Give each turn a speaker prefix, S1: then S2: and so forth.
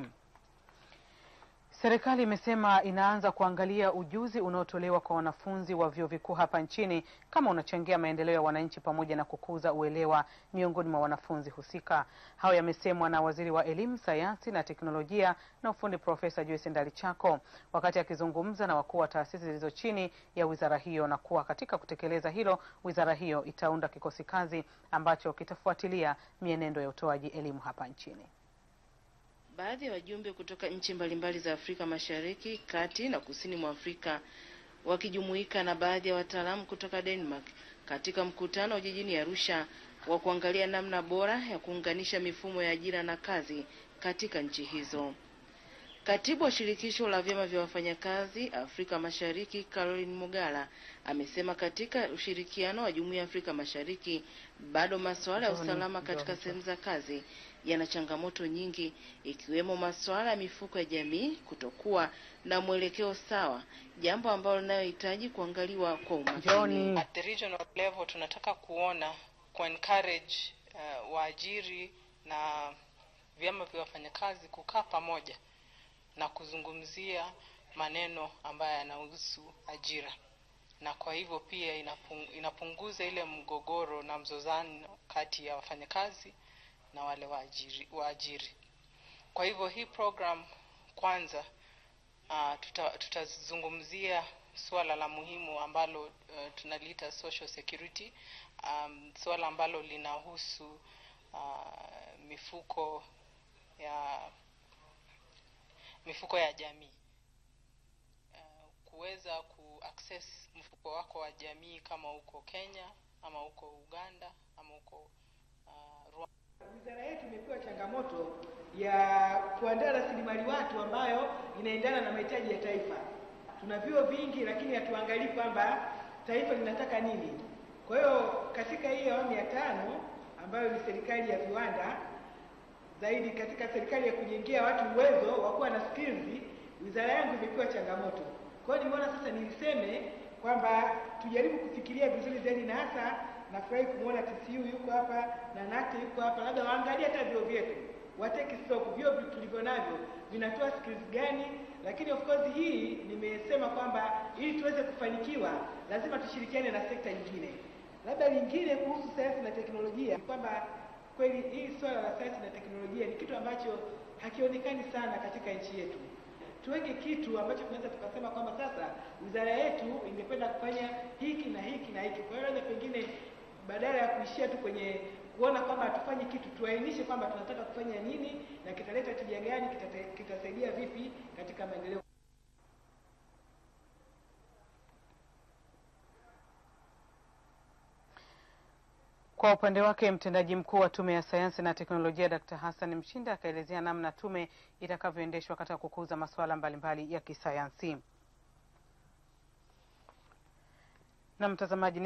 S1: nchi. Serikali imesema inaanza kuangalia ujuzi unaotolewa kwa wanafunzi wa vyuo vikuu hapa nchini kama unachangia maendeleo ya wananchi pamoja na kukuza uelewa miongoni mwa wanafunzi husika. Hayo yamesemwa na Waziri wa Elimu, Sayansi na Teknolojia na Ufundi Profesa Joyce Ndalichako wakati akizungumza na wakuu wa taasisi zilizo chini ya wizara hiyo, na kuwa katika kutekeleza hilo wizara hiyo itaunda kikosi kazi ambacho kitafuatilia mienendo ya utoaji elimu hapa nchini.
S2: Baadhi ya wa wajumbe kutoka nchi mbalimbali za Afrika Mashariki, Kati na Kusini mwa Afrika wakijumuika na baadhi ya wa wataalamu kutoka Denmark katika mkutano jijini Arusha wa kuangalia namna bora ya kuunganisha mifumo ya ajira na kazi katika nchi hizo. Katibu wa shirikisho la vyama vya wafanyakazi Afrika Mashariki Caroline Mugala amesema katika ushirikiano wa Jumuiya ya Afrika Mashariki bado masuala ya usalama katika sehemu za kazi yana changamoto nyingi, ikiwemo masuala ya mifuko ya jamii kutokuwa na mwelekeo sawa, jambo ambalo linayohitaji kuangaliwa kwa umakini.
S3: At the regional level tunataka kuona ku encourage uh, waajiri na vyama vya wafanyakazi kukaa pamoja na kuzungumzia maneno ambayo yanahusu ajira na kwa hivyo pia inapunguza ile mgogoro na mzozano kati ya wafanyakazi na wale waajiri, waajiri. Kwa hivyo hii program kwanza, uh, tuta, tutazungumzia suala la muhimu ambalo uh, tunaliita social security, um, suala ambalo linahusu uh, mifuko ya mifuko ya jamii uh, kuweza kuaccess mfuko wako wa jamii kama uko Kenya ama uko Uganda ama uko uh, Rwanda.
S4: Wizara yetu imepewa changamoto ya kuandaa rasilimali watu ambayo inaendana na mahitaji ya taifa. Tuna vyuo vingi, lakini hatuangalii kwamba taifa linataka nini. Kwa hiyo katika hii awamu ya tano ambayo ni serikali ya viwanda zaidi katika serikali ya kujengea watu uwezo wa kuwa na skills, wizara yangu imepewa changamoto. Kwa hiyo nimeona sasa niliseme kwamba tujaribu kufikiria vizuri zaidi, na hasa nafurahi kumwona TCU yuko hapa na NACTE yuko hapa, labda waangalie hata vyuo vyetu wateki stock, vyuo tulivyo navyo vinatoa skills gani? Lakini of course hii nimesema kwamba ili tuweze kufanikiwa lazima tushirikiane na sekta nyingine. Labda lingine kuhusu sayansi na teknolojia kwamba Kweli hii swala la sayansi na teknolojia ni kitu ambacho hakionekani sana katika nchi yetu. Tuweke kitu ambacho tunaweza tukasema kwamba sasa wizara yetu imekwenda kufanya hiki na hiki na hiki. Kwa hiyo labda pengine badala ya kuishia tu kwenye kuona kwamba hatufanyi kitu, tuainishe kwamba tunataka kufanya nini na kitaleta tija gani, kitasaidia vipi katika maendeleo.
S1: Kwa upande wake mtendaji mkuu wa Tume ya Sayansi na Teknolojia Dkt. Hassan Mshinda akaelezea namna tume itakavyoendeshwa katika kukuza masuala mbalimbali ya kisayansi. Na mtazamaji